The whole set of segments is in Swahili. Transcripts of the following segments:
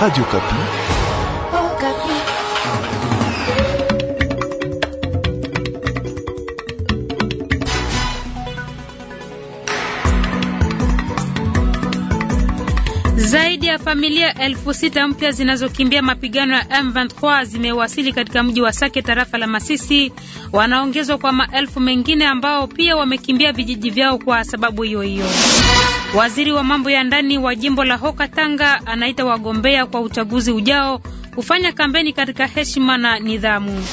Radio Kapi. Oh, Kapi. Zaidi ya familia elfu sita mpya zinazokimbia mapigano ya M23 zimewasili katika mji wa Sake tarafa la Masisi. Wanaongezwa kwa maelfu mengine ambao pia wamekimbia vijiji vyao kwa sababu hiyo hiyo. Waziri wa mambo ya ndani wa jimbo la Hoka Tanga anaita wagombea kwa uchaguzi ujao kufanya kampeni katika heshima na nidhamu.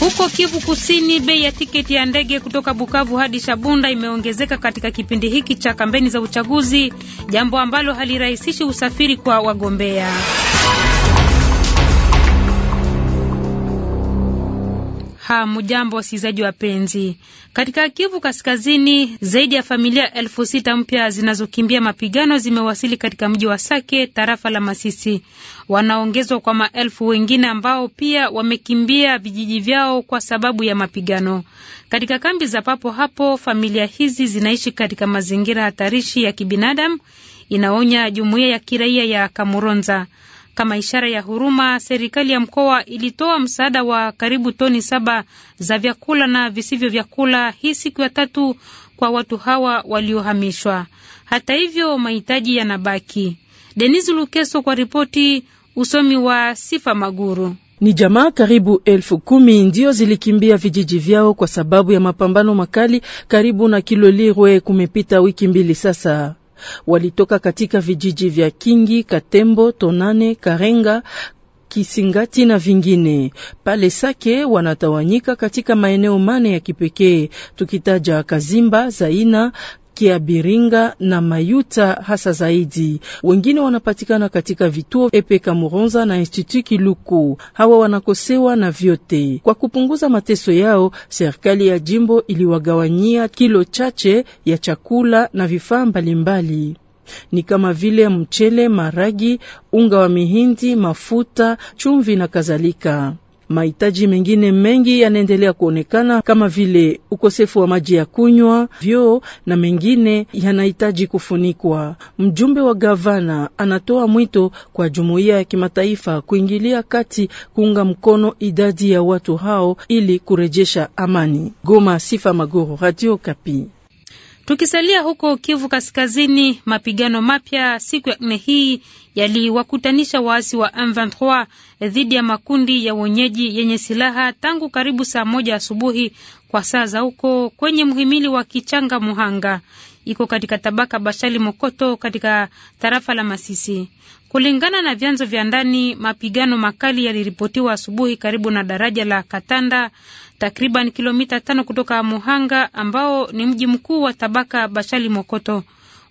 Huko Kivu Kusini, bei ya tiketi ya ndege kutoka Bukavu hadi Shabunda imeongezeka katika kipindi hiki cha kampeni za uchaguzi, jambo ambalo halirahisishi usafiri kwa wagombea. Hamujambo wasikilizaji wapenzi. Katika Kivu Kaskazini, zaidi ya familia elfu sita mpya zinazokimbia mapigano zimewasili katika mji wa Sake, tarafa la Masisi. Wanaongezwa kwa maelfu wengine ambao pia wamekimbia vijiji vyao kwa sababu ya mapigano. Katika kambi za papo hapo, familia hizi zinaishi katika mazingira hatarishi ya kibinadamu, inaonya jumuiya ya kiraia ya Kamuronza. Kama ishara ya huruma, serikali ya mkoa ilitoa msaada wa karibu toni saba za vyakula na visivyo vyakula hii siku ya tatu kwa watu hawa waliohamishwa. Hata hivyo, mahitaji yanabaki. Denis Lukeso kwa ripoti usomi wa Sifa Maguru. Ni jamaa karibu elfu kumi ndio zilikimbia vijiji vyao kwa sababu ya mapambano makali karibu na Kilolirwe. Kumepita wiki mbili sasa walitoka katika vijiji vya Kingi, Katembo, Tonane, Karenga, Kisingati na vingine pale Sake wanatawanyika katika maeneo mane ya kipekee tukitaja Kazimba, Zaina, Kiabiringa na Mayuta hasa zaidi. Wengine wanapatikana katika vituo Epe Kamuronza na Institut Kiluku. Hawa wanakosewa na vyote. Kwa kupunguza mateso yao, serikali ya jimbo iliwagawanyia kilo chache ya chakula na vifaa mbalimbali ni kama vile mchele, maragi, unga wa mihindi, mafuta, chumvi na kadhalika. Mahitaji mengine mengi yanaendelea kuonekana kama vile ukosefu wa maji ya kunywa, vyoo na mengine yanahitaji kufunikwa. Mjumbe wa gavana anatoa mwito kwa jumuiya ya kimataifa kuingilia kati, kuunga mkono idadi ya watu hao ili kurejesha amani. Goma, Sifa Magoro, Radio Kapi. Tukisalia huko Kivu Kaskazini, mapigano mapya siku ya nne hii yaliwakutanisha waasi wa M23 dhidi ya makundi ya wenyeji yenye silaha tangu karibu saa moja asubuhi kwa saa za huko kwenye mhimili wa Kichanga Muhanga iko katika tabaka Bashali Mokoto katika tarafa la Masisi. Kulingana na vyanzo vya ndani, mapigano makali yaliripotiwa asubuhi karibu na daraja la Katanda takriban kilomita tano kutoka Muhanga ambao ni mji mkuu wa tabaka Bashali Mokoto.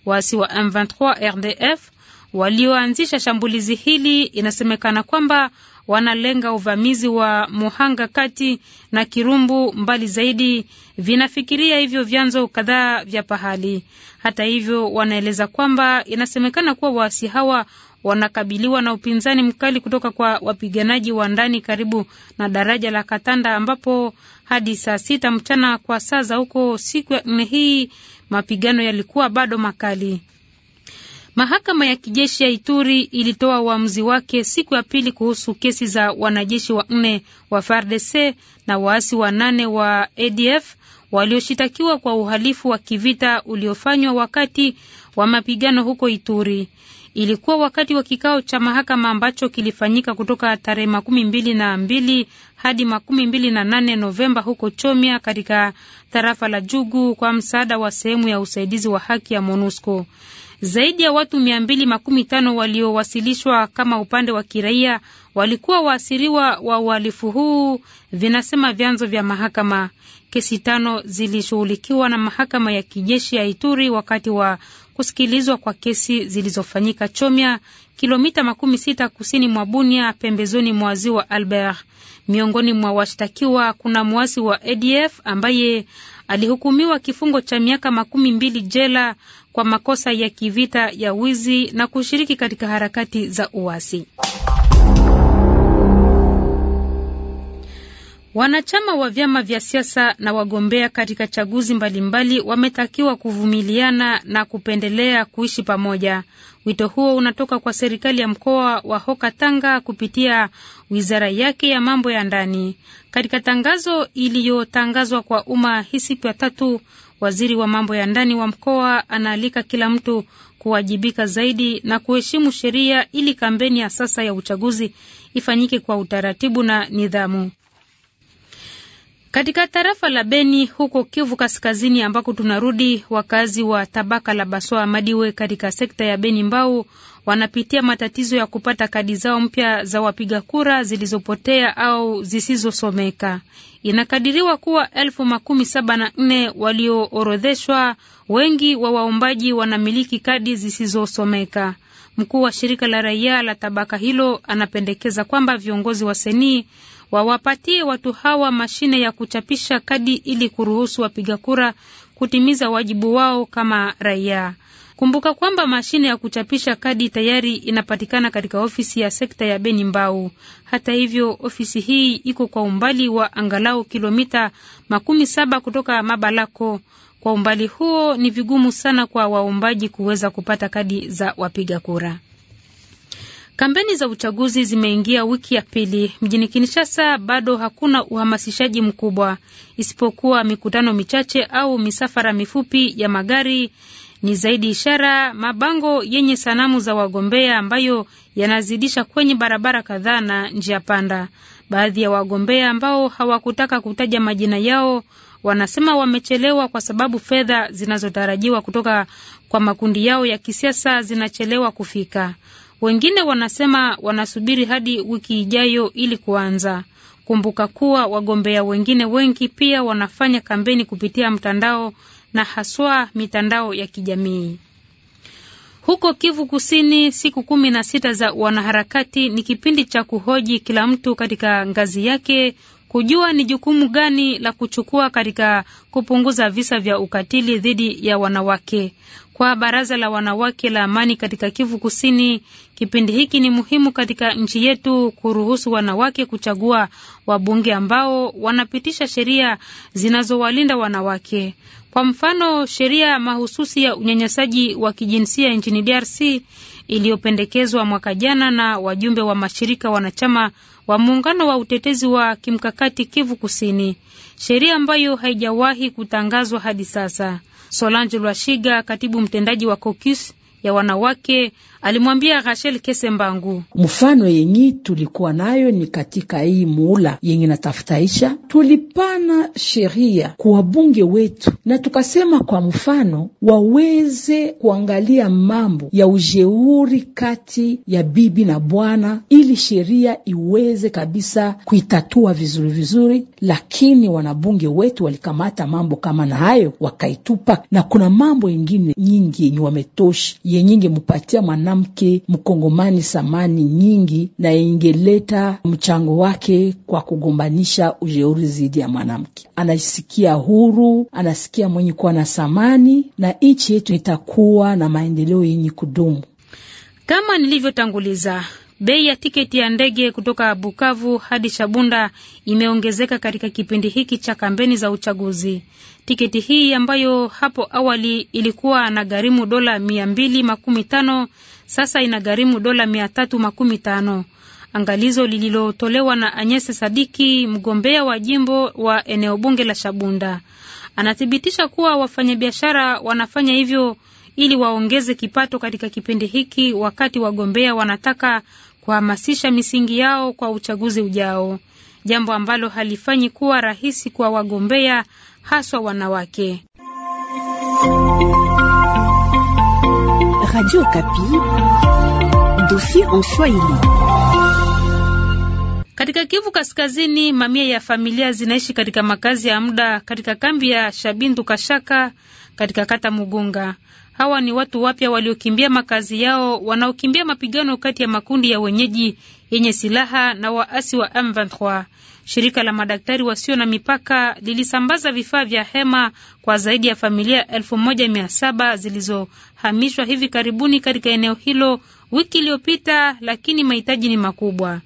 Waasi wa M23 RDF walioanzisha shambulizi hili inasemekana kwamba wanalenga uvamizi wa Muhanga kati na Kirumbu mbali zaidi, vinafikiria hivyo vyanzo kadhaa vya pahali. Hata hivyo, wanaeleza kwamba inasemekana kuwa waasi hawa wanakabiliwa na upinzani mkali kutoka kwa wapiganaji wa ndani karibu na daraja la Katanda, ambapo hadi saa sita mchana kwa saa za huko siku ya nne hii mapigano yalikuwa bado makali. Mahakama ya kijeshi ya Ituri ilitoa uamuzi wake siku ya pili kuhusu kesi za wanajeshi nne wa FARDC na waasi nane wa ADF walioshitakiwa kwa uhalifu wa kivita uliofanywa wakati wa mapigano huko Ituri. Ilikuwa wakati wa kikao cha mahakama ambacho kilifanyika kutoka tarehe makumi mbili na mbili hadi makumi mbili na nane Novemba huko Chomia katika tarafa la Jugu kwa msaada wa sehemu ya usaidizi wa haki ya MONUSCO. Zaidi ya watu mia mbili makumi tano waliowasilishwa kama upande wa kiraia walikuwa waasiriwa wa uhalifu huu, vinasema vyanzo vya mahakama. Kesi tano zilishughulikiwa na mahakama ya kijeshi ya Ituri wakati wa kusikilizwa kwa kesi zilizofanyika Chomya, kilomita makumi sita kusini mwa Bunia, pembezoni mwa ziwa Albert. Miongoni mwa washtakiwa kuna mwasi wa ADF ambaye alihukumiwa kifungo cha miaka makumi mbili jela kwa makosa ya kivita ya wizi na kushiriki katika harakati za uasi. Wanachama wa vyama vya siasa na wagombea katika chaguzi mbalimbali wametakiwa kuvumiliana na kupendelea kuishi pamoja. Wito huo unatoka kwa serikali ya mkoa wa Hoka Tanga kupitia wizara yake ya mambo ya ndani. Katika tangazo iliyotangazwa kwa umma hii siku ya tatu, Waziri wa mambo ya ndani wa mkoa anaalika kila mtu kuwajibika zaidi na kuheshimu sheria ili kampeni ya sasa ya uchaguzi ifanyike kwa utaratibu na nidhamu. Katika tarafa la Beni huko Kivu Kaskazini ambako tunarudi, wakazi wa tabaka la Baswa Madiwe katika sekta ya Beni Mbau wanapitia matatizo ya kupata kadi zao mpya za wapiga kura zilizopotea au zisizosomeka. Inakadiriwa kuwa elfu makumi saba na nne walioorodheshwa. Wengi wa waombaji wanamiliki kadi zisizosomeka. Mkuu wa shirika la raia la tabaka hilo anapendekeza kwamba viongozi wa senii wawapatie watu hawa mashine ya kuchapisha kadi ili kuruhusu wapiga kura kutimiza wajibu wao kama raia. Kumbuka kwamba mashine ya kuchapisha kadi tayari inapatikana katika ofisi ya sekta ya Beni Mbau. Hata hivyo, ofisi hii iko kwa umbali wa angalau kilomita makumi saba kutoka Mabalako. Kwa umbali huo ni vigumu sana kwa waombaji kuweza kupata kadi za wapiga kura. Kampeni za uchaguzi zimeingia wiki ya pili mjini Kinshasa. Bado hakuna uhamasishaji mkubwa isipokuwa mikutano michache au misafara mifupi ya magari. Ni zaidi ishara, mabango yenye sanamu za wagombea ambayo yanazidisha kwenye barabara kadhaa na njia panda. Baadhi ya wagombea ambao hawakutaka kutaja majina yao wanasema wamechelewa kwa sababu fedha zinazotarajiwa kutoka kwa makundi yao ya kisiasa zinachelewa kufika. Wengine wanasema wanasubiri hadi wiki ijayo ili kuanza. Kumbuka kuwa wagombea wengine wengi pia wanafanya kampeni kupitia mtandao na haswa mitandao ya kijamii. Huko Kivu Kusini, siku kumi na sita za wanaharakati ni kipindi cha kuhoji kila mtu katika ngazi yake kujua ni jukumu gani la kuchukua katika kupunguza visa vya ukatili dhidi ya wanawake kwa baraza la wanawake la amani katika Kivu Kusini. Kipindi hiki ni muhimu katika nchi yetu kuruhusu wanawake kuchagua wabunge ambao wanapitisha sheria zinazowalinda wanawake. Kwa mfano, sheria mahususi ya unyanyasaji wa kijinsia nchini DRC iliyopendekezwa mwaka jana na wajumbe wa mashirika wanachama wa muungano wa utetezi wa kimkakati Kivu Kusini, sheria ambayo haijawahi kutangazwa hadi sasa. Solange Lwashiga, katibu mtendaji wa COCUS, ya wanawake, alimwambia Rachel Kesembangu. Mfano yenyi tulikuwa nayo ni katika hii muula yenye natafutaisha, tulipana sheria kwa bunge wetu na tukasema, kwa mfano waweze kuangalia mambo ya ujeuri kati ya bibi na bwana, ili sheria iweze kabisa kuitatua vizuri vizuri, lakini wanabunge wetu walikamata mambo kama na hayo wakaitupa, na kuna mambo yengine nyingi yenye wametoshi yenye ingemupatia mwanamke mkongomani samani nyingi na ingeleta mchango wake kwa kugombanisha ujeuri dhidi ya mwanamke. Anasikia huru, anasikia mwenye kuwa na samani, na nchi yetu itakuwa na maendeleo yenye kudumu. Kama nilivyotanguliza Bei ya tiketi ya ndege kutoka Bukavu hadi Shabunda imeongezeka katika kipindi hiki cha kampeni za uchaguzi. Tiketi hii ambayo hapo awali ilikuwa na gharimu dola mia mbili makumi tano sasa ina gharimu dola mia tatu makumi tano. Angalizo lililotolewa na Anyese Sadiki, mgombea wa jimbo wa eneo bunge la Shabunda, anathibitisha kuwa wafanyabiashara wanafanya hivyo ili waongeze kipato katika kipindi hiki, wakati wagombea wanataka kuhamasisha misingi yao kwa uchaguzi ujao, jambo ambalo halifanyi kuwa rahisi kwa wagombea haswa wanawake. Radio Kapi, dossier en Swahili. Katika Kivu Kaskazini, mamia ya familia zinaishi katika makazi ya muda katika kambi ya Shabindu Kashaka katika kata Mugunga. Hawa ni watu wapya waliokimbia makazi yao, wanaokimbia mapigano kati ya makundi ya wenyeji yenye silaha na waasi wa M23. Shirika la madaktari wasio na mipaka lilisambaza vifaa vya hema kwa zaidi ya familia saba zilizohamishwa hivi karibuni katika eneo hilo wiki iliyopita, lakini mahitaji ni makubwa.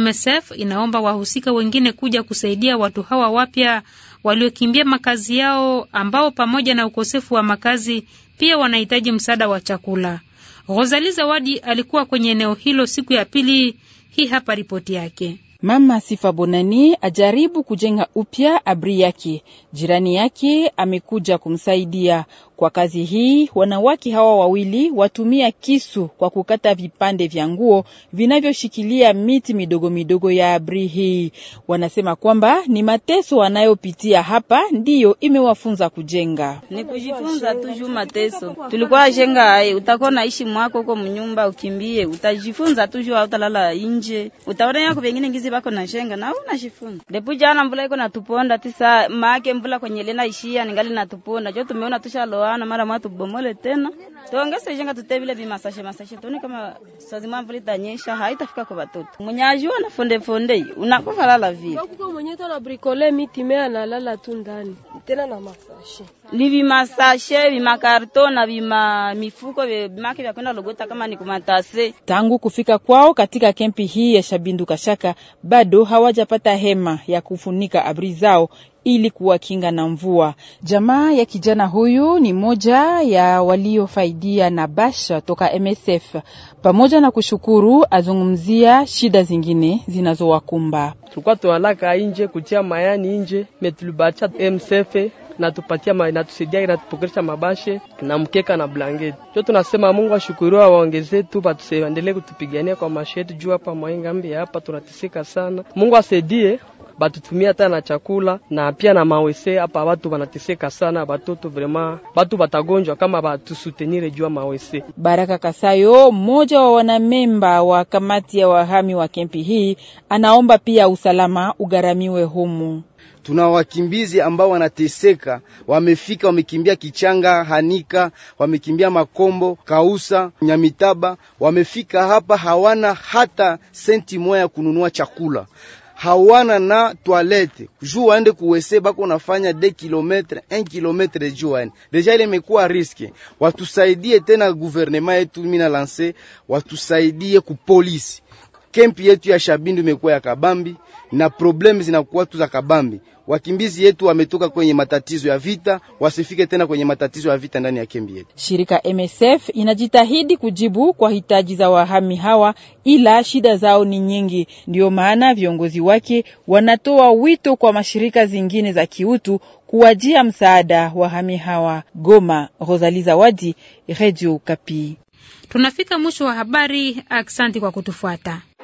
MSF inaomba wahusika wengine kuja kusaidia watu hawa wapya waliokimbia makazi yao ambao pamoja na ukosefu wa makazi pia wanahitaji msaada wa chakula. Rosali Zawadi alikuwa kwenye eneo hilo siku ya pili. Hii hapa ripoti yake. Mama Sifa Bonani ajaribu kujenga upya abri yake. Jirani yake amekuja kumsaidia. Kwa kazi hii wanawake hawa wawili watumia kisu kwa kukata vipande vya nguo vinavyoshikilia miti midogo midogo ya abri hii. Wanasema kwamba ni mateso wanayopitia hapa ndiyo imewafunza kujenga. Ni kujifunza tu juu mateso tulikuwa jenga hai, eh, utakuwa naishi mwako huko mnyumba, ukimbie, utajifunza tu juu, hautalala nje, utaona yako vingine ngizi bako na jenga na unashifunza. depo. jana mbula iko natuponda tisa make mbula kwenye lena ishia ningali natuponda jo tumeona tushalo wana mara mwa tubomole tena tuongeze jenga tute vile vimasashe masashe tuone kama saa mwa mvula tanyesha haitafika kwa watoto mwenyajua na fonde fonde unakufa lala vile kwa mwenye tu na bricole miti mea na tu ndani tena na masashe ni vimasashe vimakarto na vima mifuko vimake vya kwenda logota kama ni kumatase. Tangu kufika kwao katika kempi hii ya Shabindu Kashaka, bado hawajapata hema ya kufunika abri zao ili kuwakinga na mvua. Jamaa ya kijana huyu ni moja ya waliofaidia na basha toka MSF. Pamoja na kushukuru, azungumzia shida zingine zinazowakumba. Tulikuwa tualaka inje kutia mayani inje metulibacha MSF inatupatia ma, inatusaidia inatupokeresha mabashe na mkeka na blanketi. Jo, tunasema Mungu ashukuriwa, awaongezee tu batuendelee kutupigania kwa maisha yetu, juu hapa mwaingambi hapa tunateseka sana. Mungu asaidie batutumia hata na chakula na pia na mawese hapa, watu wanateseka sana, batoto vrema, batu batagonjwa kama batusutenire jua mawese. Baraka Kasayo, mmoja wa wanamemba wa kamati ya wahami wa kempi hii, anaomba pia usalama ugharamiwe humu. Tuna wakimbizi ambao wanateseka, wamefika, wamekimbia Kichanga, Hanika, wamekimbia Makombo, Kausa, Nyamitaba, wamefika hapa, hawana hata senti moja ya kununua chakula hawana na toilette juu waende kuwese bako nafanya de kilometre 1 kilometre juu waende deja, ile imekuwa riske. Watusaidie tena, guvernema yetu mina lanse watusaidie kupolisi kempi yetu ya Shabindu imekuwa ya kabambi na problemu zinakuwa tu za kabambi. Wakimbizi yetu wametoka kwenye matatizo ya vita, wasifike tena kwenye matatizo ya vita ndani ya kempi yetu. Shirika MSF inajitahidi kujibu kwa hitaji za wahami hawa, ila shida zao ni nyingi. Ndiyo maana viongozi wake wanatoa wito kwa mashirika zingine za kiutu kuwajia msaada wahami hawa. Goma, Rosali Zawadi, Redio Kapi. Tunafika mwisho wa habari. asanti kwa kutufuata.